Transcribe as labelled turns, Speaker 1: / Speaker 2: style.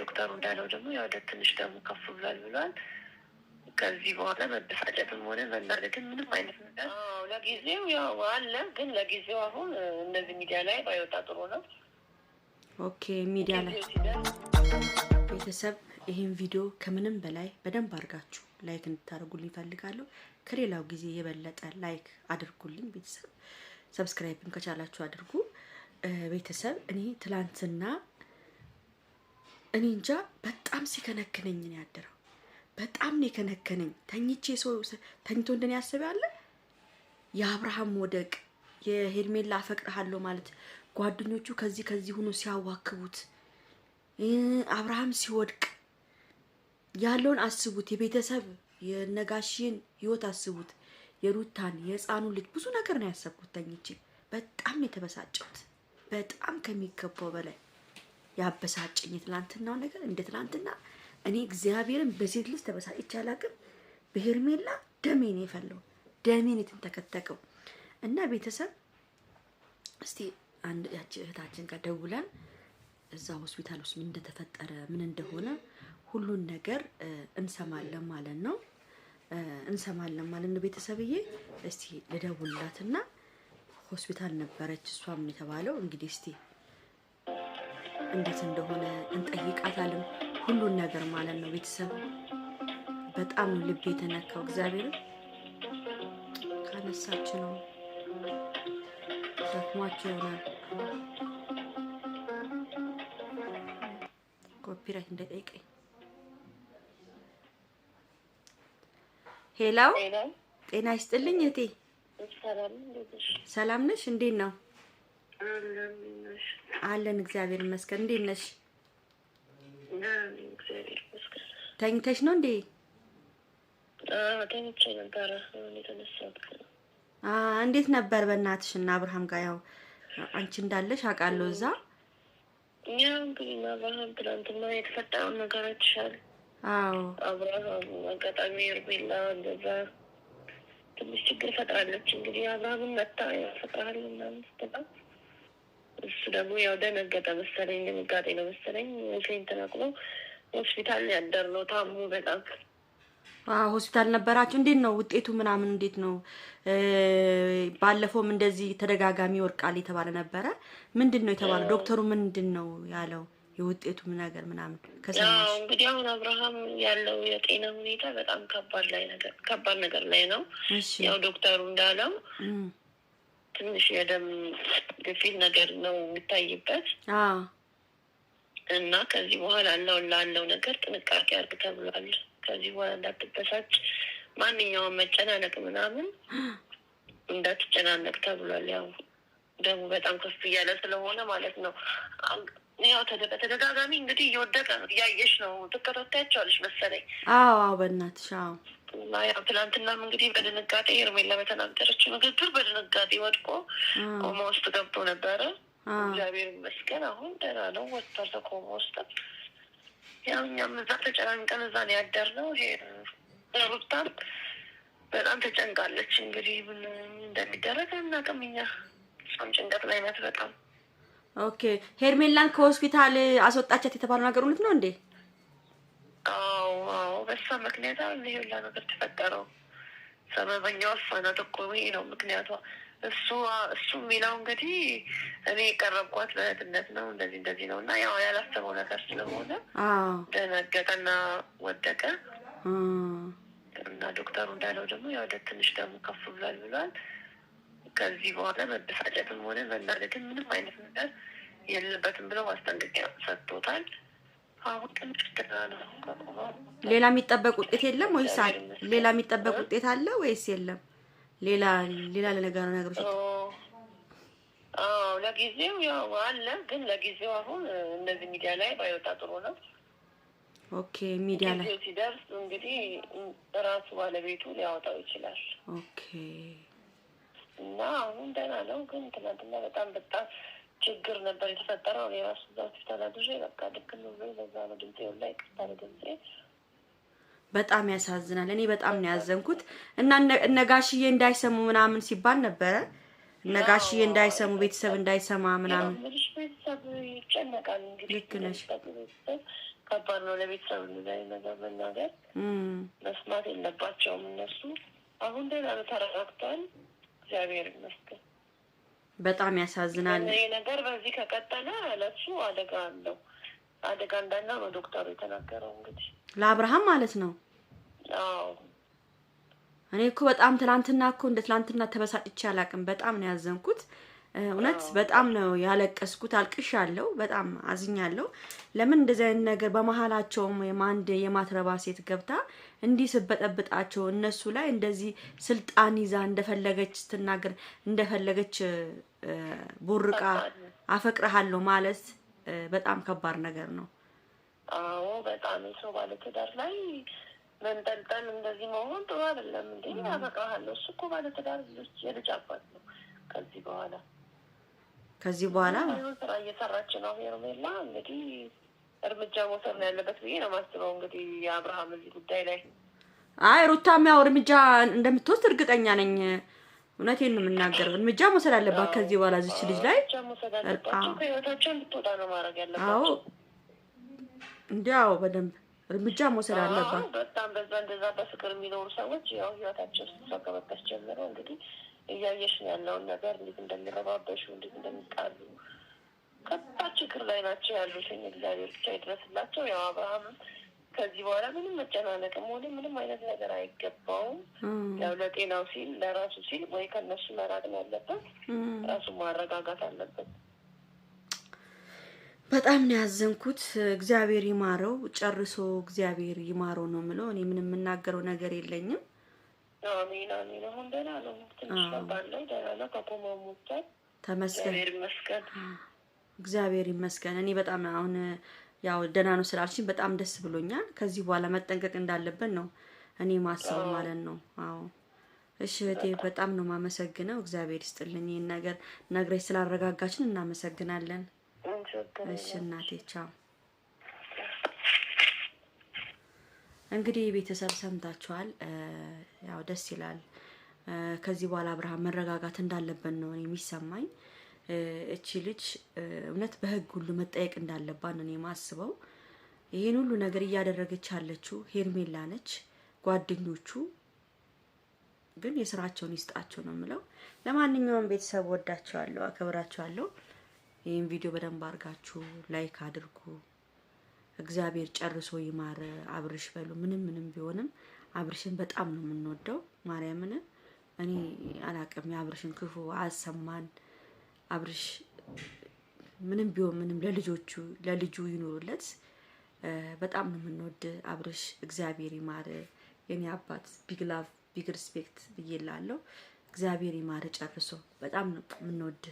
Speaker 1: ዶክተሩ እንዳለው ደግሞ ወደ ትንሽ ደግሞ ከፍ ብሏል ብሏል። ከዚህ በኋላ መበሳጨትም ሆነ መናደድም ምንም አይነት
Speaker 2: ነገር ለጊዜው ያው አለ፣ ግን ለጊዜው አሁን እነዚህ ሚዲያ ላይ ባይወጣ ጥሩ ነው።
Speaker 3: ኦኬ ሚዲያ ላይ ቤተሰብ ይህን ቪዲዮ ከምንም በላይ በደንብ አድርጋችሁ ላይክ እንድታደርጉልኝ ፈልጋለሁ። ከሌላው ጊዜ የበለጠ ላይክ አድርጉልኝ ቤተሰብ። ሰብስክራይብም ከቻላችሁ አድርጉ ቤተሰብ። እኔ ትላንትና እኔ እንጃ በጣም ሲከነክነኝ ነው ያደረው። በጣም ነው የከነከነኝ። ተኝቼ ሰው ተኝቶ እንደኔ ያስብ ያለ የአብርሃም ወደቅ የሄርሜላ አፈቅርሃለሁ ማለት ጓደኞቹ ከዚህ ከዚህ ሆኖ ሲያዋክቡት አብርሃም ሲወድቅ ያለውን አስቡት። የቤተሰብ የነጋሽን ህይወት አስቡት። የሩታን የህፃኑ ልጅ ብዙ ነገር ነው ያሰብኩት ተኝቼ። በጣም የተበሳጨሁት በጣም ከሚገባው በላይ ያበሳጨኝ የትላንትናው ነገር እንደ ትላንትና እኔ እግዚአብሔርን በሴት ልጅ ተበሳጭቼ አላውቅም። በሄርሜላ ደሜን የፈለው ደሜን የትንተከተቀው እና ቤተሰብ እስቲ አንድ ያቺ እህታችን ጋር ደውለን እዛ ሆስፒታል ውስጥ ምን እንደተፈጠረ ምን እንደሆነ ሁሉን ነገር እንሰማለን ማለት ነው። እንሰማለን ማለት ነው። ቤተሰብዬ እስቲ ልደውልላትና ሆስፒታል ነበረች እሷም የተባለው እንግዲህ እስቲ እንዴት እንደሆነ እንጠይቃታለን። ሁሉን ነገር ማለት ነው። ቤተሰብ በጣም ልብ የተነካው እግዚአብሔር ካነሳች ነው። ደክሟቸው ይሆናል። ኮፒራይት እንደጠይቀኝ ሄላው ጤና ይስጥልኝ እቴ ሰላም ነሽ? እንዴት ነው? አለን። እግዚአብሔር ይመስገን። እንዴት ነሽ? ተኝተሽ ነው እንዴ? ተኝቼ እንዴት ነበር በእናትሽ እና አብርሃም ጋር? ያው አንቺ እንዳለሽ አውቃለሁ እዛ።
Speaker 4: ያው እንግዲህ አብርሃም ትናንትና የተፈጠረውን ነገር አይተሻል። አዎ አብርሃም አጋጣሚ እርቤላ እንደዛ ትንሽ ችግር ፈጥራለች። እንግዲህ አብርሃምን መታ ያፈጥራል ምናምን እሱ ደግሞ ያው ደነገጠ መሰለኝ፣ ድንጋጤ ነው መሰለኝ ፌንት ነቅሎ ሆስፒታል ያደር ነው ታሙ በጣም
Speaker 3: ሆስፒታል ነበራቸው። እንዴት ነው ውጤቱ ምናምን እንዴት ነው? ባለፈውም እንደዚህ ተደጋጋሚ ወርቃል የተባለ ነበረ። ምንድን ነው የተባለ? ዶክተሩ ምንድን ነው ያለው? የውጤቱ ነገር ምናምን ከሰማሽ
Speaker 4: እንግዲህ አሁን አብርሃም ያለው የጤና ሁኔታ በጣም ከባድ ላይ ነገር ከባድ ነገር ላይ ነው ያው ዶክተሩ እንዳለው ትንሽ የደም ግፊት ነገር ነው የሚታይበት እና ከዚህ በኋላ ለው ላለው ነገር ጥንቃቄ አርግ ተብሏል። ከዚህ በኋላ እንዳትበሳጭ፣ ማንኛውም መጨናነቅ ምናምን እንዳትጨናነቅ ተብሏል። ያው ደሙ በጣም ከፍ እያለ ስለሆነ ማለት ነው። ያው በተደጋጋሚ እንግዲህ እየወደቀ ነው፣ እያየሽ ነው፣ ትከታታያቸዋለች መሰለኝ።
Speaker 3: አዎ አዎ፣ በእናትሽ አዎ
Speaker 4: እና ያው ትናንትናም እንግዲህ በድንጋጤ ሄርሜላ በተናገረችው ንግግር በድንጋጤ ወድቆ ኮማ ውስጥ ገብቶ ነበረ። እግዚአብሔር ይመስገን አሁን ደህና ነው፣ ወጥቷል ከኮማ ውስጥ። ያው እኛም እዛ ተጨናንቀን እዛ ነው ያደርነው። ሩታም በጣም ተጨንቃለች። እንግዲህ ምን እንደሚደረግ አናውቅም እኛ። እሷም ጭንቀት ላይ ናት በጣም
Speaker 3: ኦኬ። ሄርሜላን ከሆስፒታል አስወጣቻት የተባለው ነገር እውነት ነው እንዴ?
Speaker 4: አዎ በሷ ምክንያት አሁን ይሄ ሁላ ነገር ተፈጠረው። ሰበበኛ እሷ ናት ነው ምክንያቷ። እሱ እሱ የሚለው እንግዲህ እኔ የቀረብኳት በእህትነት ነው እንደዚህ እንደዚህ ነው እና ያው ያላሰበው ነገር ስለሆነ ደነገጠና ወደቀ እና ዶክተሩ እንዳለው ደግሞ የወደ ትንሽ ደግሞ ከፍ ብሏል ብሏል። ከዚህ በኋላ መበሳጨትም ሆነ መናደድም ምንም አይነት ነገር የለበትም ብለው ማስጠንቀቂያ ሰጥቶታል።
Speaker 3: ሌላ የሚጠበቅ ውጤት የለም ወይስ ሌላ የሚጠበቅ ውጤት አለ ወይስ የለም? ሌላ ሌላ ለነገሩ ነገር
Speaker 2: አዎ፣ ለጊዜው ያው አለ፣ ግን ለጊዜው አሁን እነዚህ ሚዲያ ላይ ባይወጣ ጥሩ ነው።
Speaker 3: ኦኬ፣ ሚዲያ ላይ
Speaker 4: ሲደርስ እንግዲህ ራሱ ባለቤቱ ሊያወጣው ይችላል። ኦኬ። እና አሁን ደህና ነው፣ ግን ትናንትና በጣም በጣም ችግር ነበር የተፈጠረው። እኔ እራሱ እዛ ሆስፒታል አድሬ በቃ ልክ ብሎኝ በዛ ነው ድምጼ ላይ ቅርታ ለድምጼ
Speaker 3: በጣም ያሳዝናል። እኔ በጣም ነው ያዘንኩት እና እነጋሽዬ እንዳይሰሙ ምናምን ሲባል ነበረ። እነጋሽዬ እንዳይሰሙ ቤተሰብ እንዳይሰማ ምናምን
Speaker 4: ቤተሰብ ይጨነቃል። እንግዲህ ልክ ነሽ። ከባድ ነው ለቤተሰብ እንደዚህ ነገር መናገር መስማት የለባቸውም እነሱ። አሁን ደህና ነው፣ ተረጋግተዋል። እግዚአብሔር ይመስገን።
Speaker 3: በጣም ያሳዝናል።
Speaker 4: ይህ ነገር በዚህ ከቀጠለ ለሱ አደጋ አለው። አደጋ እንዳለ ነው ዶክተሩ የተናገረው። እንግዲህ
Speaker 3: ለአብርሃም ማለት ነው። እኔ እኮ በጣም ትላንትና እኮ እንደ ትላንትና ተበሳጭቼ አላውቅም። በጣም ነው ያዘንኩት። እውነት በጣም ነው ያለቀስኩት። አልቅሽ አልቅሻለሁ፣ በጣም አዝኛለሁ። ለምን እንደዚህ አይነት ነገር በመሀላቸውም አንድ የማትረባ ሴት ገብታ እንዲህ ስበጠብጣቸው እነሱ ላይ እንደዚህ ስልጣን ይዛ እንደፈለገች ስትናገር እንደፈለገች ቦርቃ አፈቅረሃለሁ ማለት በጣም ከባድ ነገር ነው።
Speaker 4: አዎ በጣም የሰው ባለትዳር ላይ መንጠልጠል እንደዚህ መሆን ጥሩ አይደለም። እንዴ አፈቅረሃለሁ፣ እሱ እኮ ባለትዳር የልጅ አባት ነው ከዚህ በኋላ ከዚህ በኋላ ስራ እየሰራች ነው ሄርሜላ። እንግዲህ እርምጃ መውሰድ ነው ያለበት ብዬ ነው ማስበው። እንግዲህ የአብርሃም እዚህ ጉዳይ ላይ
Speaker 3: አይ ሩታም ያው እርምጃ እንደምትወስድ እርግጠኛ ነኝ። እውነቴን ነው የምናገረው። እርምጃ መውሰድ አለባት ከዚህ በኋላ እዚች ልጅ ላይ
Speaker 4: ከህይወታቸው እንድትወጣ ነው
Speaker 3: እንዲያው በደንብ እርምጃ መውሰድ አለባት።
Speaker 4: በጣም በዛ እንደዛ በፍቅር የሚኖሩ ሰዎች ያው ህይወታቸው ስሰከበቀስ ጀምረው እንግዲህ እያየሽ ነው ያለውን ነገር እንዴት እንደሚረባበሹ እንዴት እንደሚጣሉ ከባድ ችግር ላይ ናቸው ያሉትኝ። እግዚአብሔር ብቻ ይድረስላቸው። ያው አብርሃም ከዚህ በኋላ ምንም መጨናነቅም ሆነ ምንም አይነት ነገር አይገባውም። ያው ለጤናው ሲል ለራሱ ሲል ወይ ከነሱ መራቅ ነው ያለበት፣ ራሱ ማረጋጋት አለበት።
Speaker 3: በጣም ነው ያዘንኩት። እግዚአብሔር ይማረው ጨርሶ፣ እግዚአብሔር ይማረው ነው ምለው። እኔ ምንም የምናገረው ነገር የለኝም። ተመስገን እግዚአብሔር ይመስገን። እኔ በጣም አሁን ያው ደህና ነው ስላልሽኝ በጣም ደስ ብሎኛል። ከዚህ በኋላ መጠንቀቅ እንዳለብን ነው እኔ ማሰብ ማለት ነው። አዎ እሺ እህቴ በጣም ነው የማመሰግነው። እግዚአብሔር ይስጥልኝ። ይህን ነገር ነግረሽ ስላረጋጋችን እናመሰግናለን። እሺ እናቴ ቻው። እንግዲህ ቤተሰብ ሰምታችኋል። ያው ደስ ይላል። ከዚህ በኋላ አብርሃም መረጋጋት እንዳለበት ነው የሚሰማኝ። እቺ ልጅ እውነት በህግ ሁሉ መጠየቅ እንዳለባት ነው የማስበው። ይህን ሁሉ ነገር እያደረገች ያለችው ሄርሜላ ነች። ጓደኞቹ ግን የስራቸውን ይስጣቸው ነው የምለው። ለማንኛውም ቤተሰብ ወዳቸዋለሁ፣ አከብራቸዋለሁ። ይህን ቪዲዮ በደንብ አድርጋችሁ ላይክ አድርጉ። እግዚአብሔር ጨርሶ ይማር አብርሽ በሉ። ምንም ምንም ቢሆንም አብርሽን በጣም ነው የምንወደው። ማርያምን እኔ አላቅም። የአብርሽን ክፉ አሰማን። አብርሽ ምንም ቢሆን ምንም ለልጆቹ ለልጁ ይኑሩለት። በጣም ነው የምንወድ አብርሽ። እግዚአብሔር ይማር የኔ አባት። ቢግ ላቭ ቢግ ሪስፔክት ብዬላለሁ። እግዚአብሔር ይማር ጨርሶ። በጣም ነው የምንወድ